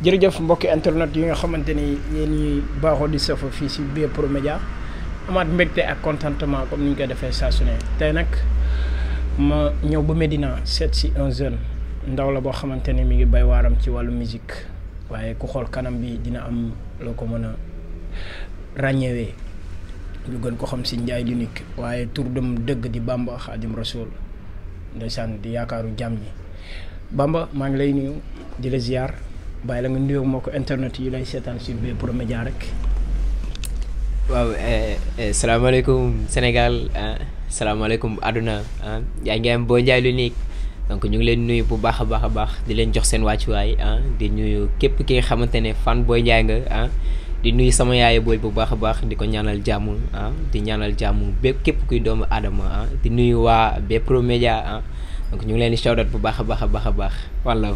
jërëjëf mbokki internet yi nga xamante ni yéen ñuy baaxoo di safa fii si Bprod Média amaat mbegte ak contentement comme ni ñu koy defee saa ne tey nag ma ñëw ba Medina seet si un jeune ndaw la boo xamante ni mi ngi bay waaram ci wàllu musique waaye ku xool kanam bi dina am loo ko mën a ràññewee gën ko xam si Ndiaye l'unique waaye tour dum dëgg di Bamba Xaadim Rasul ndeysaan di yaakaaru jàmm ñi Bamba maa ngi lay nuyu di la ziar. bàyyi la nga nuyoo moo ko internet yi lay seetaan sur Bprod Media rek. waaw eh, eh, salaamaaleykum Sénégal ah, salaamaaleykum àdduna ah, yaa ngi am Boy Ndiaye L'Unique donc ñu ngi leen nuyu bu baax a baax a baax di leen jox seen wàccuwaay ah, di nuyu képp ki nga xamante ne fan Boy Ndiaye nga di nuyu sama yaay booy bu baax a baax di ko ñaanal jàmm di ñaanal jàmm bépp képp kuy doomu aadama di nuyu waa Bprod Media donc ñu ngi leen di shout bu baax a baax a baax a baax walla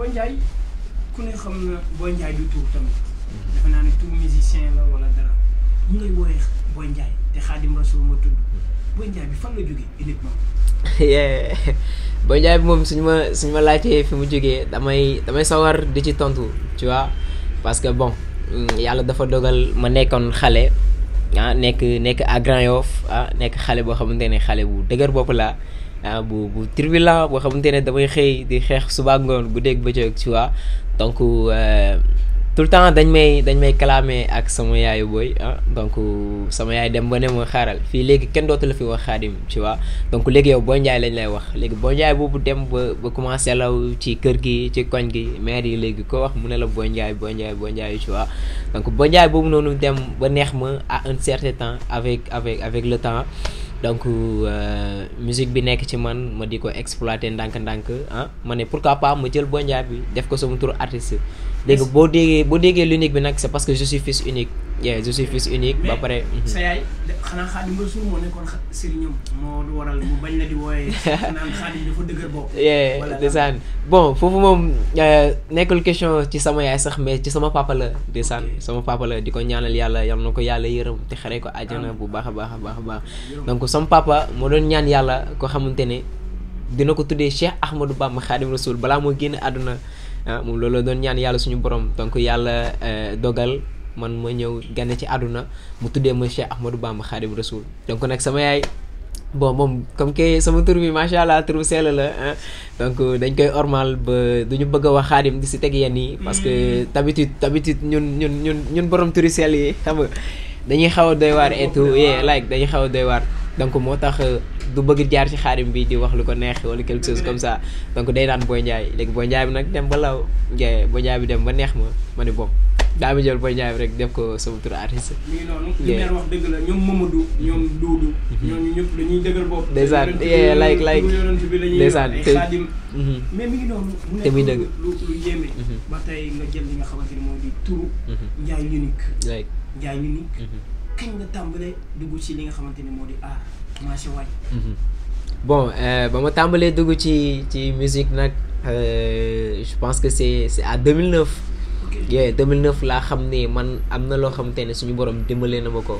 Boy ku ne xam na Boy Ndiaye du tamit defe naa ne tuur musicien la wala dara ñu lay woowee Boy te Xaadim Rasul ma tudd Boy Ndiaye bi fan la jógee uniquement. Boy Ndiaye moom suñu ma suñu ma laajtee fi mu jógee damay damay sawar di ci tontu tu vois parce que bon yàlla dafa dogal ma nekkoon xale ah nekk nekk à Grand Yoff ah, nekk xale boo xamante ne xale bu dëgër bopp laa. ah bu bu turbulent boo xamante ne damay xëy di xeex suba ngoon guddeeg bëccëg ci waa donc euh, tout le temps dañ may dañ may kalaame ak sama yaayu booy ah donc sama yaay dem ba ne ma xaaral fii léegi kenn dootu la fi wax xaadim tu vois donc léegi yow boo njaay lañ wax léegi boo njaay boobu dem ba ba commencé law ci kër gi ci koñ gi maire yi léegi ko wax mu ne la boo njaay boo njaay boo njaay tu vois boo njaay noonu dem ba neex ma à un temps avec avec avec le temps donc euh, musique bi nekk ci man ma di ko exploité ndànk-ndànk ah ma ne pour pourquoi pas ma jël Boy bi def ko sama tur artiste dégg boo déggee boo déggee l'unique bi nag c'est parce que je suis fils unique. yeah je suis unique. ba pare. Mhm. sa yaay xanaa Xaadim la di wooyee naan Xaadim bon foofu moom euh, nekkul question ci sama yaay sax mais ci sama papa la ndeysaan sama papa la di ko ñaanal yàlla yal na ko yàlla yërëm te xaree ko àjjana bu baax a baax a baax a baax. donc sama papa moo doon ñaan yàlla ko xamante ne dina ko tuddee Cheikh Ahmadou Bamba Xaadim Rasuul balaa moo génn àdduna. ah moom loolu doon ñaan yàlla suñu borom donc yàlla eh, dogal man ma ñëw gane ci àdduna mu tuddee ma Cheikh Ahmadou Bamba Xaadimu Rasuul donc nag sama yaay bon moom comme que sama tur bi macha allah turu sell la ah. donc dañ koy ormal ba du ñu bëgg wax xaadim di si teg yenn yi parce que hmm. d'habitude d'habitude ñun ñun ñun ñun borom turu sell yi xam dañuy xaw a doy waar et tout like dañuy xaw a doy waar donc moo tax. du bëgg jaar ci xaarim bi di wax lu ko neex wala quelque chose comme ça donc day naan Boy Ndiaye léegi Boy Ndiaye bi nag dem ba law ngay Boy bi dem ba neex ma ma ne bopp daa mi jël Boy Ndiaye bi rek def ko sama tur artiste. lii noonu li mel wax dëgg la ñoom Mamadou ñoom Doudou. Mhm. ñooñu ñëpp dañuy dëgër bopp. ndeysaan like like ndeysaan te mhm. mais mi ngi mhm. nga jël li nga xamante ni mooy di turu. Ndiaye unique. like Ndiaye unique. kañ nga tàmbalee dugg li nga xamante ni moo di aar. commencé wàññi. Mhm. bon euh, ba ma tàmbalee dugg ci ci musique nag euh, je pense que c'est c'est à 2009. ok yeah 2009 laa xam ne man am na loo xamante ne suñu borom dimbalee na ma ko.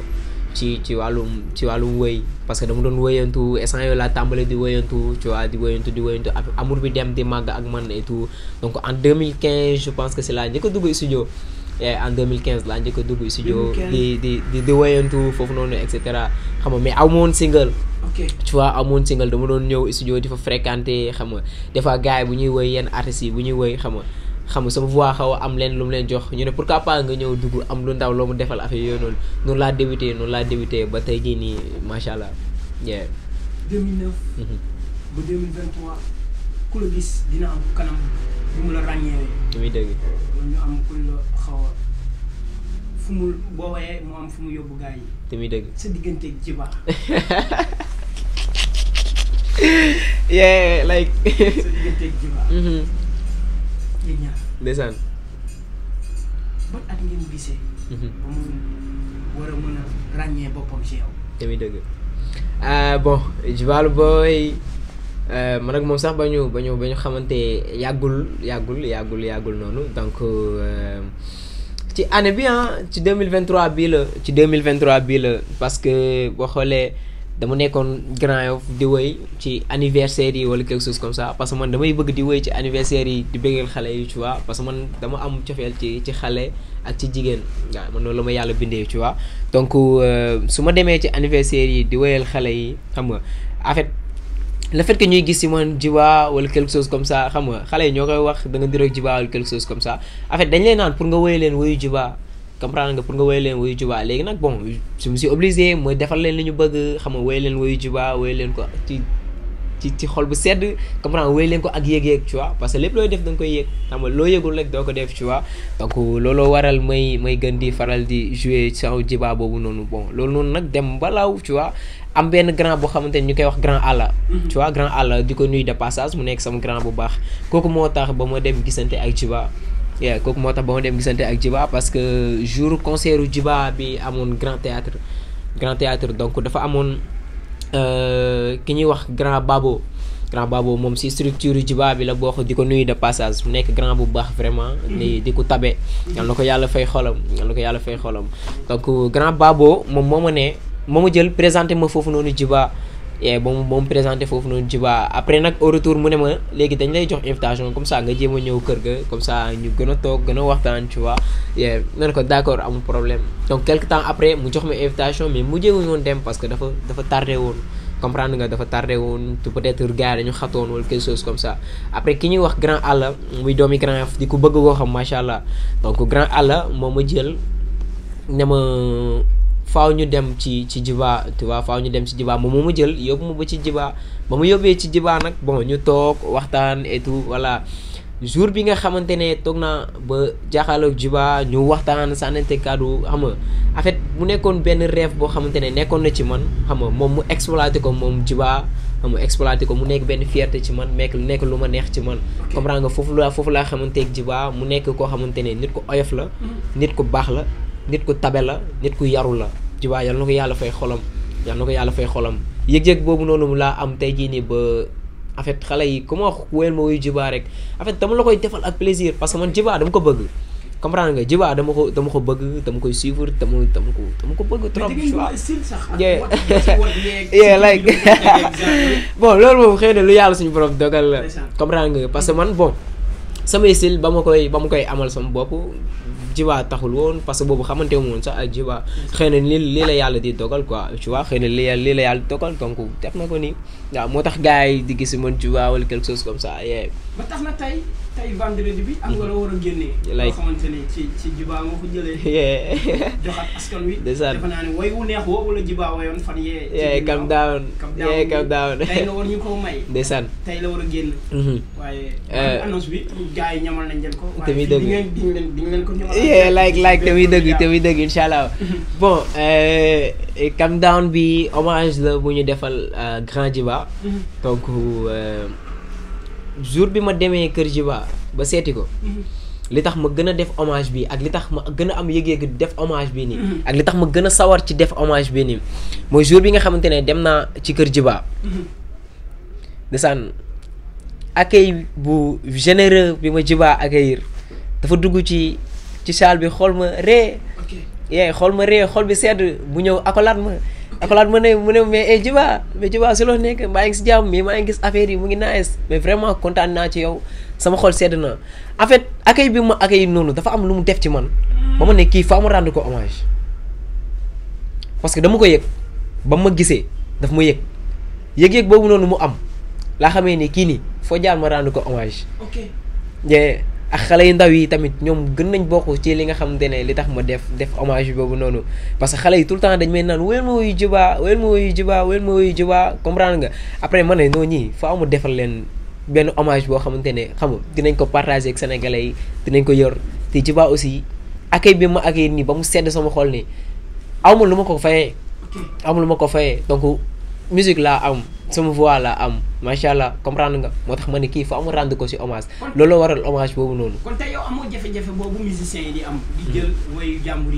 ci ci wàllum ci wàllum wëy parce que dama doon woyantu instant yooyu laa tàmbale di wëyantu tu vois di wëyantu di wëyantu amour bi dem di màgg ak man et tout donc en 2015 je pense que c'est là njëkk a dugg studio E, en 2015 laa njëkk a dugg studio di di di di foofu noonu et cetera xam nga mais amoon single ok tu vois amoon single dama doon ñëw studio di fa fréquenter xam nga des fois bu ñuy woy yenn artistes yi bu ñuy woy xam nga xam nga sama voix xaw am leen lu mu leen jox ñu ne pourquoi pas nga ñëw dugg am lu ndaw loo mu defal affaire yooyu noonu noonu laa débuté noonu laa débuté ba tey jii nii macha allah. 2009. ñu mu la ràññee. muy dëgg. xaw a mu boo wayee mu fu mu yóbbu gars yi. te muy dëgg sa digganteeg yeah like. sa digganteeg Jeeba. Mm-hmm. yéen mm-hmm. mu war boppam ci yow. te muy dëgg ah bon Jeeba Boy. Euh, man ak moom sax ba ñu ba ñu ba ñu xamante yàggul yàggul yàggul yàggul noonu donc euh, ci année bi ah ci 2023 bii la ci 2023 bii la parce que boo xoolee dama nekkoon Grand Yoff di woy ci anniversaire yi wala quelque chose comme ça parce que man damay bëgg di woy ci anniversaire yi di bëggeel xale yi tu vois parce que man dama am cofeel ci ci xale ak ci jigéen waaw man loolu la ma yàlla bindee ci waa donc euh, su ma demee ci anniversaire yi di woyal xale yi xam nga en le fait que ñuy gis Simone Djiba wala quelque chose comme ça xam nga xale yi ñoo koy wax da nga diroog Djiba wala quelque chose comme ça en fait dañ leen naan pour nga woy leen woyu Djiba comprendre nga pour nga woy leen woyu Djiba léegi nag bon je me suis obligé mooy defal leen li ñu bëgg xam nga woy leen woyu Djiba woy leen ko ci ci ci xol bu sedd comprendre wéy leen ko ak yéeg-yéeg tu parce que lépp looy def da koy yéeg xam loo yëgul rek doo ko def tu vois donc looloo waral may may gën di faral di jouer saw jiba boobu noonu bon loolu noonu nag dem balaaw tu vois am benn grand boo xamante ni ñu koy wax grand àlla mm-hmm. tu vois grand àlla di ko nuy de passage mu nekk sama grand bu baax kooku moo tax ba ma dem gisante ak jiba yeah kooku moo tax ba ma dem gisante ak jiba parce que jour concert u bi amoon grand théâtre grand théâtre donc dafa amoon Euh, ki ñuy wax grand babo grand babo moom si structure jibaa bi la bokk di ko nuyu de passage mu nekk grand bu baax vraiment. di di ko tabe. yal na ko yàlla fay xolam yal na ko yàlla fay xolam donc grand babo moom moo ma ne moo ma jël présenté ma foofu noonu jibaa et eh, ba mu ba mu présenté foofu noonu ci après nag au retour mu ne ma léegi dañ lay jox invitation comme ça nga jéem a ñëw kër ga comme ça ñu gën a toog gën a waxtaan tu vois et eh, ko d' accord problème donc quelque temps après mu jox ma invitation mais mu jéewuñu woon dem parce que dafa dafa tardé woon comprendre nga dafa tardé woon peut-être gars yi dañu xatoon wala quelque chose comme ça après ki ñuy wax grand àlla muy doomi grand af di ko bëgg koo xam macha allah donc grand àlla moo ma jël ne ma. faaw ñu dem ci ci jiba tu vois faaw ñu dem ci jiba moom moo ma jël yóbbu ma ba ci jibaa ba mu yóbbee ci jibaa nag bon ñu toog waxtaan et tout jour bi nga xamante ne toog naa ba jaaxaloog jiba ñu waxtaan sànnante kàddu xam nga mu nekkoon benn reef boo xamante ne nekkoon na ci man xam nga moom mu exploité ko moom jiba mu nga ko mu nekk benn fierté ci man mekk lu nekk lu ma neex ci man comprendre nga foofu la foofu laa xamanteeg jiba mu nekk koo xamante ne nit ku oyof la mm. nit ku baax la nit ku tabe la nit ku yaru la Djiba yal na ko yàlla fay xolam yal na ko yàlla fay xolam yëg-yëg boobu noonu laa am tey jii nii ba en fait xale yi ku ma wax wéyal ma wuyu Djiba rek en dama la koy defal ak plaisir parce que man Djiba dama ko bëgg comprendre nga Djiba dama ko dama ko bëgg dama koy suivre dama dama ko dama ko bëgg trop. yeah like bon loolu moom xëy lu yàlla suñu borom dogal la comprendre nga parce que man bon samay style ba ma koy ba ma koy amal sama bopp jibaa taxul woon parce que boobu xamante wu woon sax ak jibaa xëy na li lii la yàlla di dogal quoi tu vois xëy na lii lii la yàlla dogal donc def na ko nii waaw moo tax gars yi di gis man jibaa wala quelque chose comme ça. ba tax na tay tey vendredi bi am nga la war a génnee. Mm-hmm. lay loo ci ci jibaa nga ko jëlee. joxaat askan wi. dèjà defe naa ne way wu neex woo wala jibaa wayoon fan yee. yee calm down yee calm down tey la war ñu ko may. ndeysaan tey la war a génn. Mm-hmm. waaye. Uh, annonce bi gars yi ñamal nañ leen ko. tamit dëgg waaye ko ñamal. yee like like tamit dëgg dëgg incha allah. bon uh, calm down bi hommage la bu ñu defal uh, grand jiba mm-hmm. donc. Euh, jour bi ma demee kër Jiba ba seeti ko. Mhm. li tax ma gën a def hommage bi ak li tax ma gën a am yëg-yëg def hommage bi nii. Mhm. ak li tax ma gën a sawar ci def hommage bi nii mooy jour bi nga xamante ne dem naa ci kër Jiba. Mhm. ndeysaan accueil bu généreux bi ma Jiba accueillir dafa dugg ci ci salle bi xool ma ree. ok xool ma ree xool bi sedd bu ñëw akolaat ma. akolaat mu ne mu ne mais eh Djiba mais Djiba si loo nekk maa ngi si jàmm mais maa ngi gis affaire yi mu ngi nice mais vraiment kontaan naa ci yow sama xol sedd na en fait accueil bi ma accueil noonu dafa am lu mu def ci man ba ma ne kii faa ma rendre ko hommage parce que dama ko yëg ba ma gisee daf ma yëg yëg-yëg boobu noonu mu am laa xamee ni kii nii foo jaar ma rendre ko hommage. ok ak xale yu ndaw yi tamit ñoom gën nañ boo bokk ci li nga xamante ne li tax ma def def hommage boobu noonu parce que xale yi tout le temps dañ may naan wéyal ma wuyu jubaa wéyal ma wuyu jubaa wéyal ma wuyu jubaa comprendre nga après man ne noo ñii faaw mu defal leen benn hommage boo xamante ne xam nga dinañ ko partager ak sénégalais yi dinañ ko yor te jibaa aussi accueil bi ma accueil nii ba mu sedd sama xol nii awma lu ma ko fayee awma lu ma ko fayee musique laa am sama voix laa am macha allah comprendre nga moo tax ma ne kii fa amu rendre ko si hommage. looloo waral hommage boobu noonu. kon tey yow amoo jafe-jafe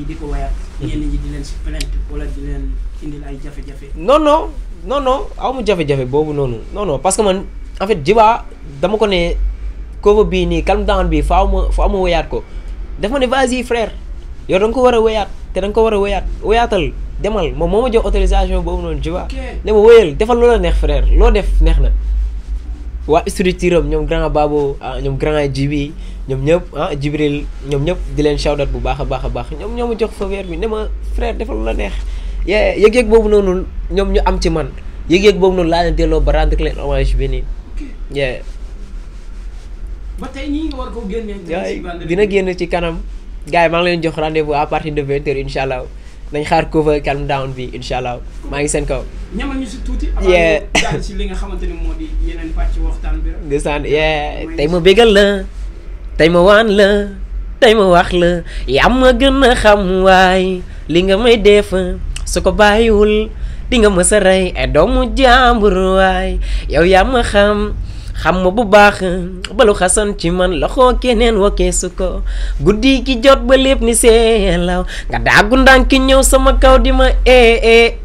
di ko wayaat. ñenn ñi di leen si plainte wala di leen indil ay jafe-jafe. non non non non amu boobu noonu non non parce man en fait Djiba dama ko ne cover bii nii calme down bii faaw ma faaw ma wayaat ko daf ne vas frère. yow da ko war a wéyaat te da ko war a wéyaat wéyaatal demal moom moo ma jox autorisation boobu noonu tu vois ne ma wéyal defal loola neex frère loo def neex na waa structure am ñoom grand babo ah, ñoom grand jibi ñoom ñëpp ah jibril ñoom ñëpp di leen shawdat bu baax a baax a baax ñoom ñoo ma jox fa weer bi ne ma frère defal loola neex yee yëg-yëg boobu noonu ñoom ñu am ci man yëg-yëg boobu noonu laa leen delloo ba rendre leen hommage bi nii yee génne dina génn ci kanam gaa yi maa ngi leen jox rendez vous à de vingt heures incha allah xaar cover calm down bi incha allah maa ngi seen kaw. ñamal tuuti. avant li nga xamante tey ma bégal la tey ma waan la tey ma wax la yaa ma gën a xam waay li nga may def su ko bàyyiwul di ma mës a rey doomu jàmbur waay yow yaa ma xam. xam ma bu baax balu xasan ci man loxo keneen wakeesu ko guddi gi jot ba lépp ni seelaw nga daagu ndànk ki ñëw sama kaw di ma ee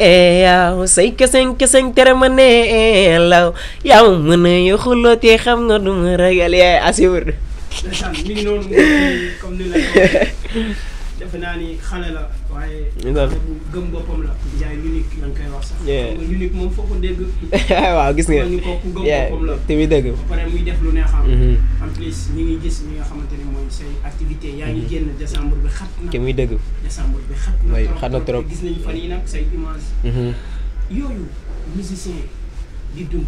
yaaw say keseŋ keseŋ tere ma neelaw yaa ma mën a xuloo te xam nga du ragal yaay assuur mi ngi defe naa ni xale la waaye. bu gëm boppam la. Ndiaye koy wax sax. unique moom foo ko dégg. waaw gis ngeen te muy dëgg. muy def lu neexam. Mm-hmm. en plus ñu ngi gis ñi nga xamante ni mooy say activité yaa ngi mm-hmm. bi xat na. te muy dëgg. décembre bi xat na trop xat na trop gis nañu fan yi nag say image. Mm-hmm. yooyu musicien di dund.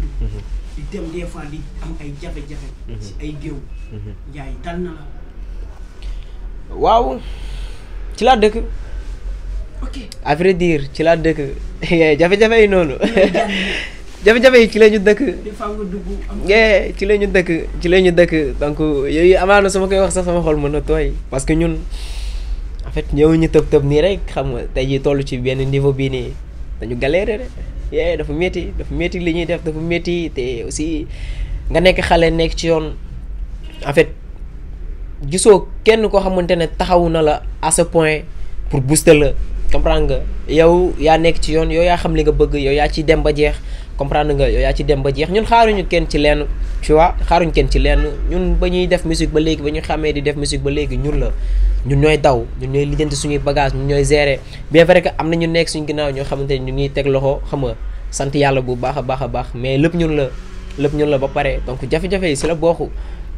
di dem des fois di am ay jafe-jafe. si ay géew. Ndiaye dal na la. waaw. ci laa dëkk. ok à ci laa dëkk jafe-jafe yi noonu. jafe-jafe yi ci la dëkk. des ci la ñu dëkk ci la ñu dëkk donc yooyu amaana su ma koy wax sax sama xol mën a tooy parce que ñun en fait ñëwuñu tëb tëb nii rek xam nga tey jii toll ci benn niveau bii nii dañu galéré rek yee dafa métti dafa métti li ñuy def dafa métti te aussi nga nekk xale nekk ci yoon en fait. gisoo kenn koo xamante ne taxawu na la à ce pour booster la comprendre nga yow yaa nekk ci yoon yow yaa xam li nga bëgg yow yaa ciy dem ba jeex comprendre nga yow yaa ci dem ba jeex ñun xaaruñu kenn ci lenn tu vois xaaruñu kenn ci lenn ñun ba ñuy def musique ba léegi ba ñu xamee di def musique ba léegi ñun la ñun ñooy daw ñun ñooy lijjanti suñuy bagage ñun ñooy gérer bien vrai que am na ñu nekk suñu ginnaaw ñoo xamante ne ñu ngi teg loxo xam nga sant yàlla bu baax a baax a baax mais lépp ñun la lépp ñun la ba pare donc jafe yi si la bokku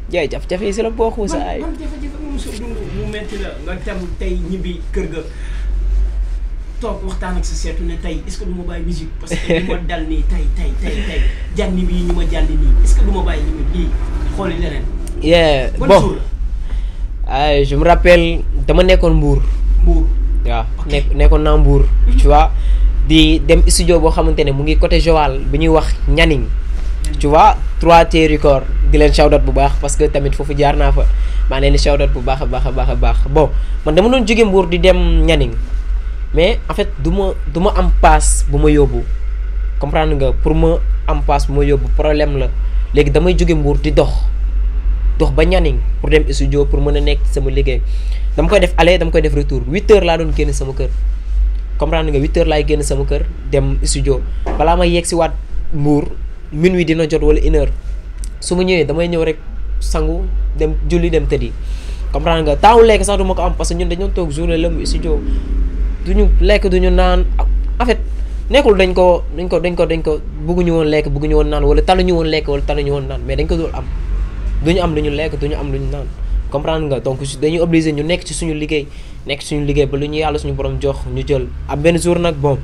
jaay jafe-jafe yi si la bokku saa yi. man metti la nga dem tey ñibbi kër ga waxtaan ak seetu ne tey est-ce que tey tey tey bi ñu ma jànni nii est-ce que ma bàyyi ñibbi lii xooli leneen. yeah bon ah je dama nekkoon mbuur mbuur waaw nekkoon naa mbuur mhm. tu vois di dem studio boo xamante ne mu ngi côté Joal bi ñuy wax Nianing. tu vois 3T di leen shawdot bu baax parce que tamit foofu jaar naa fa maa leen di shawdot bu baax a baax a baax a man dama doon jóge Mbour di dem Nianing mais en fait du ma du ma am paas bu ma yóbbu comprendre nga pour ma am paas bu ma problème la léegi damay jóge Mbour di dox dox ba Nianing pour dem studio pour mën a nekk sama liggéey dama koy def aller dama koy def retour huit heures laa doon génn sama kër comprendre nga huit laay génn sama kër dem studio balaa ma yegg si waat Mbour minuit dina jot wala su ma ñëwee damay ñëw rek sangu dem julli dem tëddi comprendre nga taawu lekk sax du ma ko am parce que ñun dañoo toog journée lëmm joo du ñu lekk du ñu naan en fait nekkul dañ ko dañ ko dañ ko dañ ko bëgguñu woon lekk bëgguñu woon naan wala taluñu woon lekk wala taluñu woon naan mais dañ ko dul am duñu am lu ñu lekk duñu am lu ñu naan comprendre nga donc dañuy obligé ñu nekk ci suñu liggéey nekk ci suñu liggéey ba lu ñu yàlla suñu borom jox ñu jël am benn jour nag bon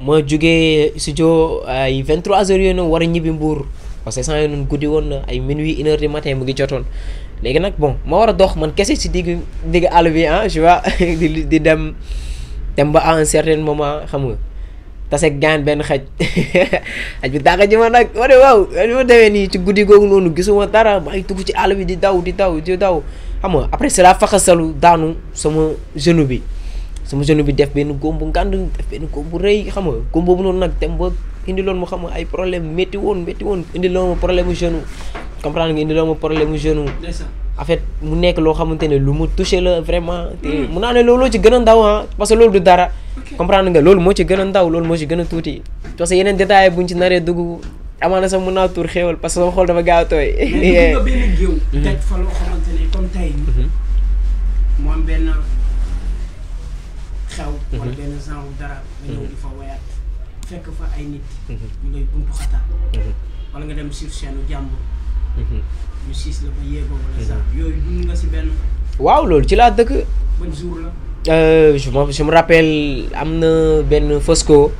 ma jógee studio ay 23 heures yooyu noonu war a ñibbi mbuur parce que saa yoo noonu guddi woon na ay minuit une heure matin mu ngi jotoon léegi nag bon ma war a dox man kese si digg digg àll bi ah je vois di di dem dem ba à un certain moment xam nga tase gaan benn xaj xaj bi tàggat ji ma nag ma ne waaw li ma demee nii ci guddi googu noonu gisuma dara maa ngi dugg ci àll bi di daw di daw di daw xam nga après cela faxasalu daanu sama genou bi sama genou bi def benn góom bu def benn góom bu rëy xam nga góom noonu nag dem indiloon mu xam nga ay problème métti woon métti woon indiloon ma problème mu genou comprendre nga indiloon ma problème mu genou en fait mu nekk loo xamante ne lu mu touché la vraiment te mm. mun naa ne ci gën a ndaw ah parce loolu du dara comprendre loolu moo ci gën a ndaw loolu moo ci gën a tuuti parce que yeneen détails buñ ci naree dugg amaana sax mun naa tuur xéewal parce que sama xol dafa gaaw a tooy nga benn géew daj mhm. fa mhm. am benn xew mhm. fekk fa ay nit. ñu lay buntu xataa. wala waaw loolu ci laa dëkk. ban jour la. Euh, am na benn Fosco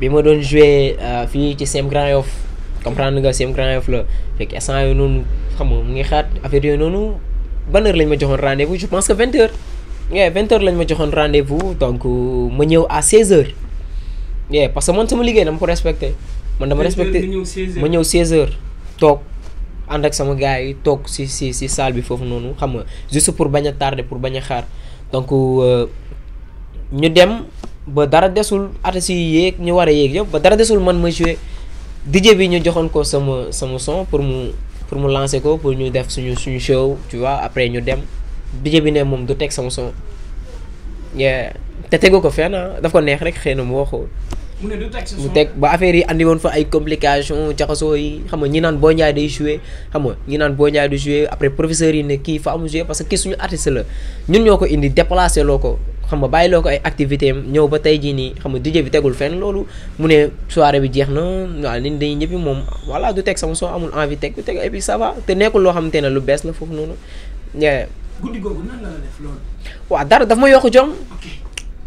bi ma doon joué euh, fii ci CM Grand Yoff comprendre nga CM Grand Yoff la fekk instant yooyu noonu xam mu ngi xaat affaire yooyu noonu ban heure lañ ma joxoon rendez vous je pense que vingt heures. oui vingt heures lañ ma joxoon rendez vous donc euh, ma ñëw à seize heures. yeah parce que man sama liggéey dama ko respecté man dama respecté ma ñëw 16h toog ànd ak sama gars yi toog si si si salle bi foofu noonu xam nga juste pour bañ a tardé pour bañ a xaar donc euh, ñu dem ba dara desul artistes yi yéeg ñu war a yéeg yëpp ba dara desul man ma joué DJ bi ñu joxoon ko sama sama son pour mu pour mu lancer ko pour ñu def suñu suñu show tu waa après ñu dem DJ bi ne moom du teg sama son. te tegu ko fenn daf ko neex rek xëy na mu waxoo. mu ne teg mu teg ba affaire yi andi woon fa ay complications jaxasoo yi xam nga ñi naan boo Ndiaye day joué xam nga ñi naan Boy Ndiaye du joué après professeurs yi ne kii fa amul joué parce que kii suñu artiste la ñun ñoo ko indi déplacé loo ko xam nga bàyyi loo ko ay activité am ñëw ba tey jii nii xam di DJ bi tegul fenn loolu mu ne soirée bi jeex na waaw nit dañuy ñëppi moom voilà du teg sama soo amul envie teg du teg et puis te nekkul loo xamante ne lu bees la foofu noonu. guddi googu nan dara daf ma yokk jom.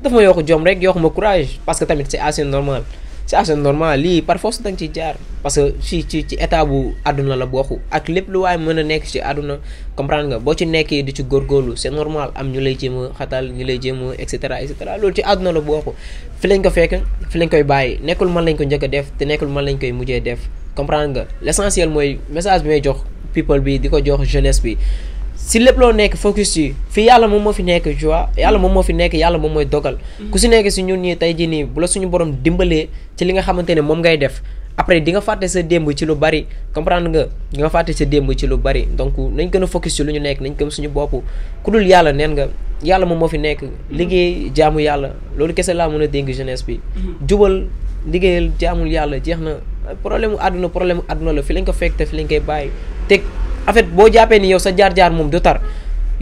daf ma yokk jom rek yokk ma courage parce que tamit ci assez normal ci assez normal lii par force da nga ciy jaar. parce que ci ci ci état bu àdduna la bokk ak lépp lu waaye mën a nekk ci àdduna comprendre nga boo ci nekkee di ci góor góorlu c'est normal am ñu lay jéem a xatal ñu lay jéem a et cetera et cetera loolu ci àdduna la bokk fi lañ ko fekk fi lañ koy bàyyi nekkul man lañ ko njëkk a def te nekkul man lañ koy mujjee def comprendre nga l'essentiel mooy message bi may jox bi di ko jox jeunesse bi. si lépp loo nekk focus yi fii yàlla moom moo fi nekk tu vois yàlla moom moo fi nekk yàlla moom mooy dogal. Mm-hmm. ku si nekk si ñun ñii tey jii nii bu la suñu borom dimbalee ci li nga xamante ne moom ngay def après di nga fàtte sa démb ci lu bari comprendre nga di nga fàtte sa démb ci lu bari donc nañ kën a focus ci lu ñu nekk nañ gëm suñu bopp ku dul yàlla neen nga yàlla moom moo fi nekk. Mm-hmm. liggéey jaamu yàlla loolu kese laa mën a dénk jeunesse bi. Mm-hmm. jubal liggéeyal jaamul yàlla jeex na problème mu àdduna problème lañ ko fekk te lañ koy bàyyi teg. en boo jàppee ni yow sa jaar-jaar moom du tar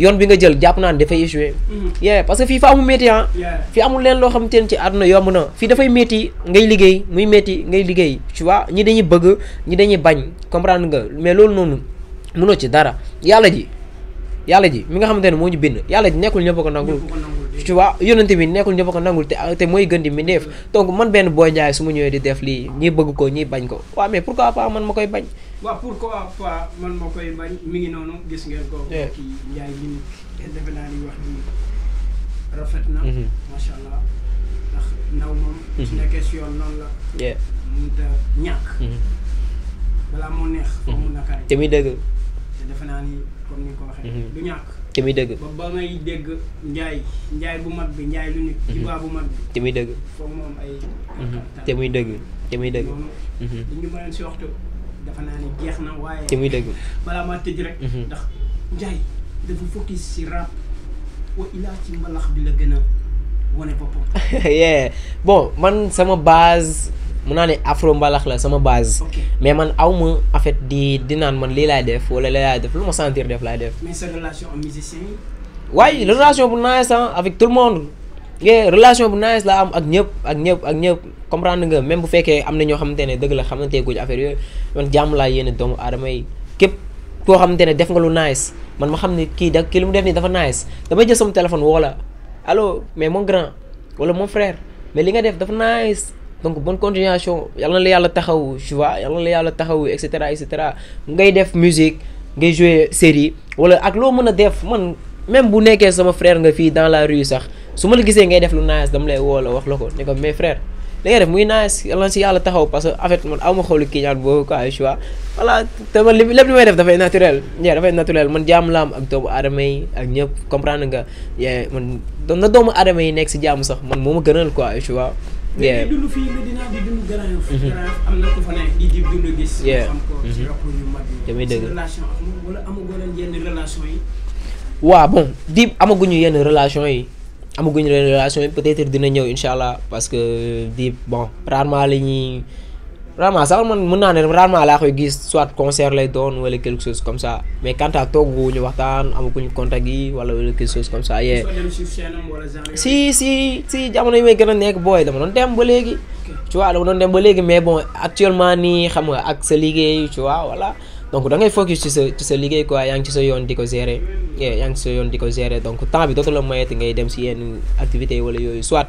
yoon bi nga jël jàpp naan ne dafay échoué. Mhm. yee parce que fii fa mu métti ah. fii amul leen loo xamante ne ci àdduna yomb na. fii dafay métti ngay liggéey muy métti ngay liggéey tu ñi dañuy bëgg ñi dañuy bañ comprendre nga mais loolu noonu mënoo ci dara yàlla ji yàlla ji mi nga xamante ne ñu bind yàlla ji nekkul ñëpp ko nangul. tu vois yonente bi nekkul ñëpp ko nangul te te mooy gën di mi mm-hmm. donc man benn booy njaay su ma ñëwee di def lii ñii bëgg ko ñii bañ ko waaw mais pourquoi pas man ma koy bañ. waaw pourquoi pas man moo koy bañ mi ngi noonu gis ngeen ko. kii Ndiaye mi defe naa ni wax ni rafet na. Mm-hmm. macha allah ndax ndaw moom. su mm-hmm. nekkee si yoon noonu la. mënut a ñàkk. Mm-hmm. balaa moo neex. mu nakari te muy dëgg. te naa ni comme ni ko waxee. du ñàkk. te muy dëgg. ba dégg Ndiaye Ndiaye bu mag bi Ndiaye lu nit. Jibaa bu mag bi. te muy dëgg. ay. te muy dëgg te muy dëgg. dafa naa ne jeex na waaye. te muy dëgg balaa maa tëj rek. Mhm. ndax Ndiaye dafa focus si rap wa ilaa ci mbalax bi la gën a wane boppam. yeah bon man sama base. mun naa ne afro mbalax la sama base. mais man aw ma en di di naan man lii laay def wala lii laay def lu ma sentir def laay def. mais sa relation ak musicien yi. waaye avec tout le monde. yee relation bu nice la am ak ñëpp ak ñëpp ak ñëpp comprendre nga même bu fekkee am na ñoo xamante ne dëgg la xamante guñ affaire yooyu man jàmm laa yéene doomu aadama yi képp koo xamante ne def nga lu nice man ma xam ne kii da kii li mu def nii dafa nice damay jël sama téléphone woo la allo mais mon grand wala mon frère mais li nga def dafa nice donc bonne continuation yàlla na la yàlla taxaw tu vois yàlla na la yàlla taxaw et cetera et ngay def musique ngay jouer série wala ak loo mën a def man. même bu nekkee sama frère nga fii dans la rue sax su ma la gisee ngay def lu nice dama lay woo la wax la ko ne ko mais frère li ngay def muy nice lan si yàlla taxaw parce que en fait man aw ma xoolu kii ñaan boobu quoi tu vois voilà te man lépp li may def dafay naturel ñee dafay naturel man jàmm laam ak doomu aadama yi ak ñëpp comprendre nga yee man na doomu aadama yi nekk si jàmm sax man moo ma gënal quoi tu vois mais dund fii Medina a yof mhm. mhm. damay dëgg waaw bon di amaguñu yenn relation yi amaguñu yenn relation yi peut-être dina ñëw incha allah parce que di bon rarement la ñuy rarement sax man mun naa ne rarement laa koy gis soit concert lay doon wala quelque chose comme ça mais quant à tooguñu waxtaan amaguñu contact yi wala wala quelque chose comme ça. yee si si si jamono yi may gën a nekk booy dama doon dem ba léegi. tu vois dama doon dem ba léegi mais bon actuellement nii xam nga ak sa liggéey tu vois voilà donc da ngay focus ci sa sa liggéey quoi yaa ngi ci sa yoon di ko gérer. yaa ngi sa yoon di ko gérer donc temps bi dootu la mayati ngay dem si yenn activités yi wala yooyu soit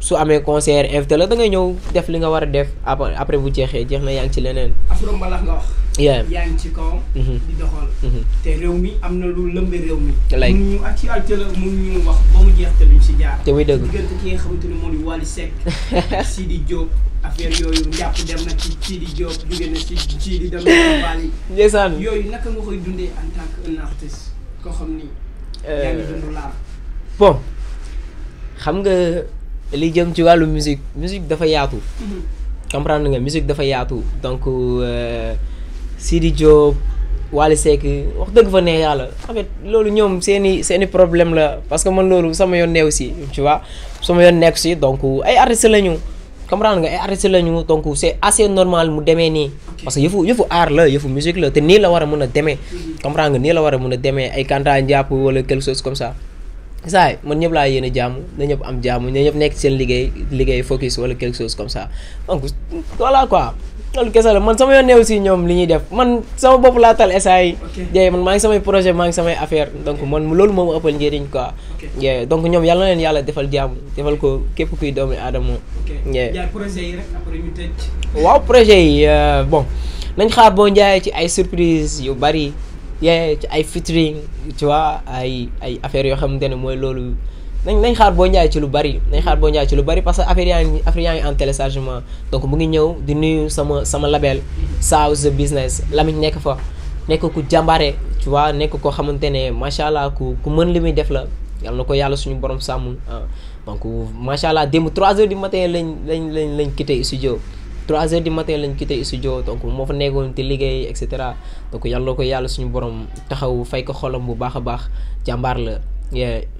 su amee concert invité la da ngay ñëw def li nga war a def après bu jeexee jeex na yaa ngi ci leneen. afro mbalax nga wax. yaa ngi ci kaw. di mm-hmm. te réew mi am na lu lëmbe réew mi. lay ñu la mun ñu wax ba mu jeex te luñ si jaar. te muy dëgg diggante ki nga xamante ni moo di Wally Seck Sidi Diop. affaire yooyu njàpp dem na ci Sidi Diop jóge na ci Sidi dem na yooyu naka nga koy dundee en tant que un artiste. koo xam ni. Euh, yaa bon xam nga li jëm ci wàllu musique musique dafa yaatu. Mhm. comprendre nga musique dafa yaatu donc euh, di Diop Wally Seck wax dëgg fa ne yàlla en loolu ñoom seen i seen i problème la parce que man loolu sama yoon neew si tu vois sama yoon nekk si donc ay artistes lañu. comprendre nga ay artiste la ñu c'est assez normal mu demee nii parce que yëfu yëfu art la yëfu musique la te nii la war a mën a demee comprendre nga nii la war a mën a demee ay kanta njàpp wala quelque chose comme ça saay man ñëpp laa yéen a jàmm na ñëpp am jàmm na ñëpp nekk seen liggéey liggéey focus wala quelque chose comme ça donc voilà quoi loolu kese la man sama yoon néew ñoom li ñuy def man sama bopp laa tal essa maa ngi samay projet maa ngi samay affaire donc man loolu moom ëppal njëriñ quoi jee donc ñoom yàlla na yàlla defal jàmm defal ko képp kuy doomi aadama jee waaw projet yi euh, bon nañ xaar boo njaayee ci ay surprise yu bari yee ci ay featuring ci waa ay ay affaires yoo xamante ne mooy loolu nañ nañ xaar boo njaay ci lu bari nañ xaar boo njaay ci lu bari parce que affaire yaa ngi affaire yaa ngi donc mu ngi ñëw di nuyu sama sama label Sao The Business Lamine nekk fa nekk ku jàmbaare tu vois nekk koo xamante ne macha allah ku ku mën li muy def la yal na ko yàlla suñu borom sàmm ah. donc macha allah démb 3 heures du matin lañ lañ lañ lañ quitté studio 3 heures du matin lañ quitté studio donc moo fa nekkoon di liggéey et cetera donc yal ko yàlla suñu borom taxaw fay ko xolam bu baax a baax jàmbaar la.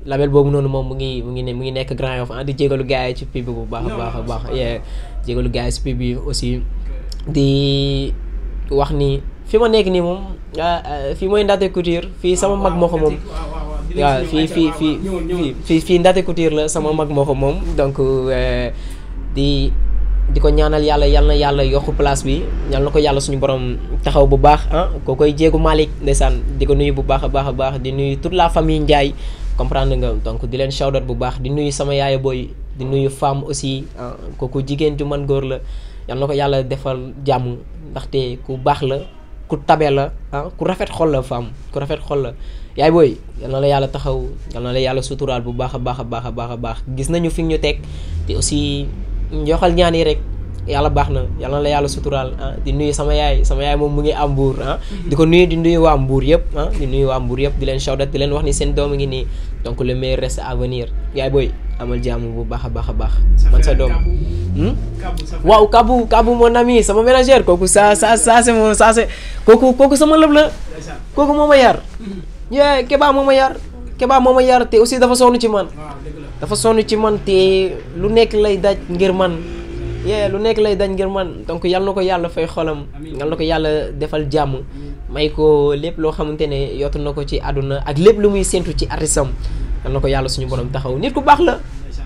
label boobu noonu moom mu ngi mu ngi ne mu ngi nekk Grand Yoff ah di jégalu gars yi ci pub bi bu baax a baax a baax jégalu gars yi ci pub bi aussi di wax ni fi ma nekk nii moom ah, ah, fii mooy Ndaté Couture fii sama ah, mag moo ko moom waaw fii fii fii fii fii Ndaté Couture la sama mag moo moom donc eh, di di ko ñaanal yàlla yal na yàlla yokk place bi yal na ko yàlla suñu borom taxaw bu baax ah koo koy jéegu Malick ndeysaan di ko nuyu bu baax a baax a baax di nuyu la famille Ndiaye comprendre nga donc di leen shout out bu baax di nuyu sama yaaya booy di nuyu femme aussi ah kooku jigéen ju man góor la yal na ko yàlla defal jàmm ndaxte ku baax la ku tabe la ah ku rafet xol la femme ku rafet xol la yaay booy yal yàlla taxaw yal na yàlla suturaal bu baax baax a baax a baax a gis nañu fi ñu teg te aussi yoxal ñaan yi rek yàlla baax na yàlla na la yàlla suturaal ah di nuyu sama yaay sama yaay moom mu ngi am mbuur ah mhm. di ko nuyu di nuyu waa mbuur yëpp ah di nuyu waa mbuur yëpp di leen shawdat di leen wax ni seen doom a ngi nii donc le meilleur reste à yaay booy amal jàmm bu baax a baax a baax man sa doom hmm? waaw kabu kabu mon ami sama ménagère kooku sa sa sa sa c'est kooku kooku sama lëb la kooku moo ma yar mhm. yee kebaa moo ma yar kebaa moo ma yar te aussi dafa sonn ci man te lu nekk lay daj ngir man yee lu nekk lay daj ngir man donc yal na ko yàlla fay xolam yal na ko yàlla defal jàmm may ko lépp loo xamante ne yottu na ko ci àdduna ak lépp lu muy séntu ci artisam yal na ko yàlla suñu borom taxaw nit ku baax la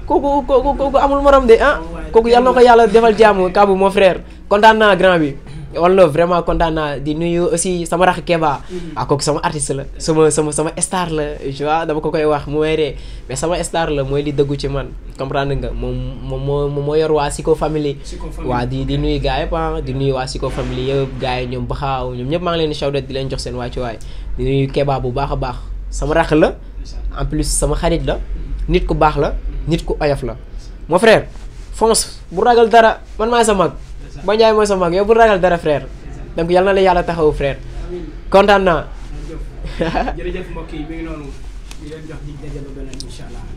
kooku kooku kooku amul morom de ah oh, kooku yal na ko yàlla defal jàmm kaabu mon frère kontaan naa grand bi wala vraiment kontaan naa di nuyu aussi sama rax Keba. Mhm. ah kooku sama artiste la sama sama star la dama ko koy wax mu may mais sama star la mooy li dëggu ci man comprendre nga moom moom moo moo yor waa Siko family. waa di di nuyu gars yëpp ah di nuyu waa Siko family yëpp gars yi ñoom baxaaw ñoom ñëpp maa ngi leen di shawdat di leen jox seen wàccuwaay di nuyu Keba bu baax a baax sama rax la en plus sama xarit la mhm. nit ku baax la nit ku oyof la mon fonce bu ragal dara man maa sa mag. Mbaye Ndiaye mooy sa mag yow bu ragal dara frère donc yàlla na la yàlla taxawu frère kontaan naa. jërëjëf mbokk yi mi ngi noonu di leen jox dig daje ba beneen incha allah.